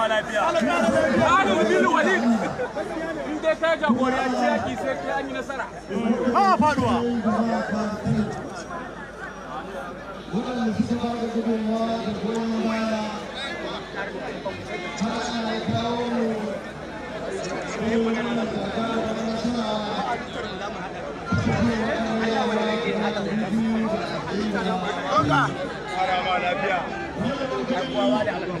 gama lafiya ƙarin wajen wali in dai ka jagoranci yaki sai yi nasara ba a faduwa waɗanda suka ba da kawo mu Oga! Ara ma lafiya. Ai da alƙalma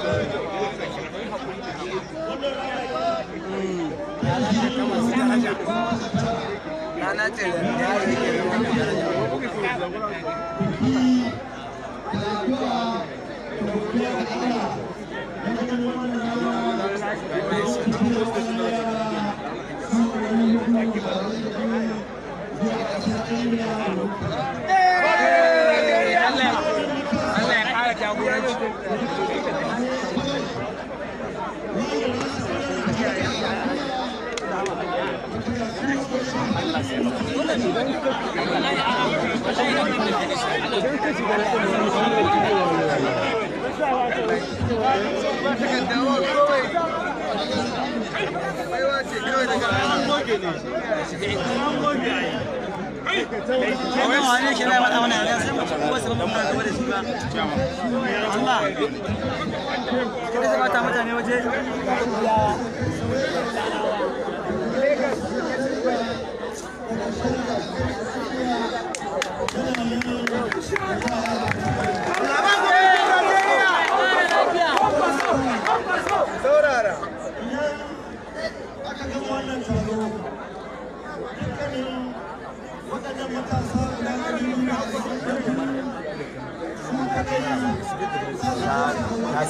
rana ce Thank you. Allah, da zama ta mutane waje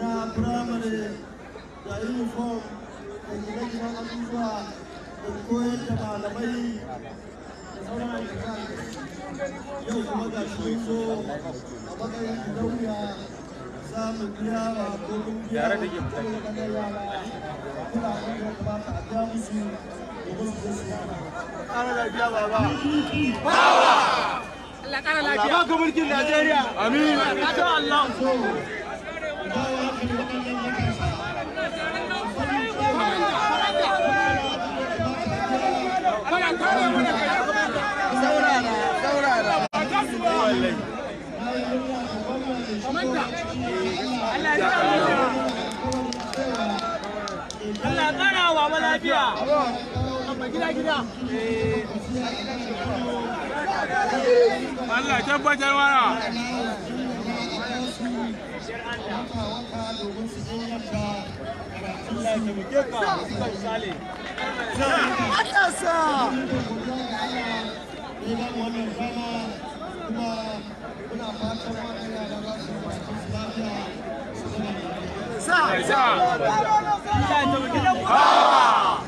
na firamare da uniform da da koyar da malamai da sauran aikata yau kuma a da yara kuna kuma a biya musu domin su yana. Allah kara lafiya. Najeriya. Amin. Insha Allah. Allah wa lafiya. Gida eh. Allah tabbatar mana Atasa! kuma muna fatan wannan yara za su lafiya su zama lafiya. Sa! Sa! Sa! Sa! Sa!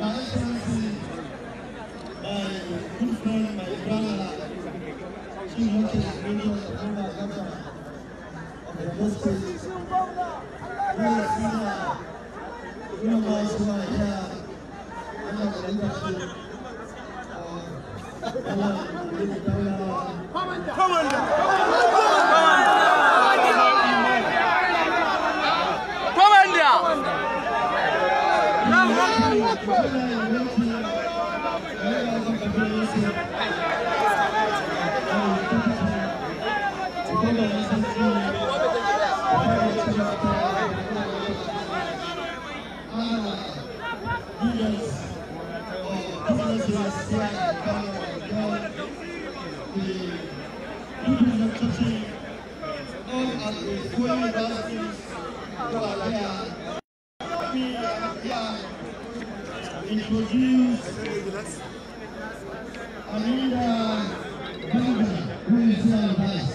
Sa! three hundred million naira Commander. introduce Aminda Banga, who is our vice.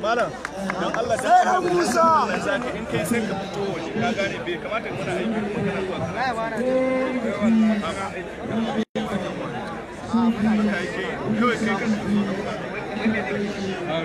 malam don Allah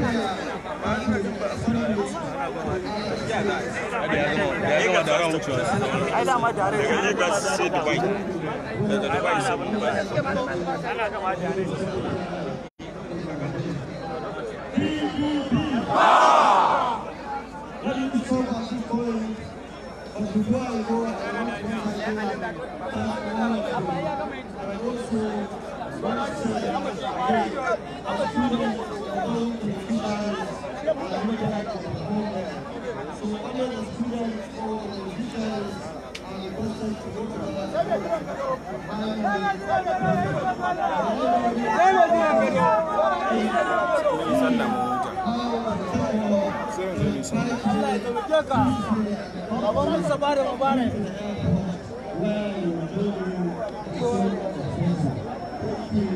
ai dama da rai daga lagos sai dubai daga dubai sai dubai ana gama da rai Thank you. uh, look at the program. So any of the students or the teachers are requested to go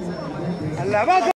to the Allah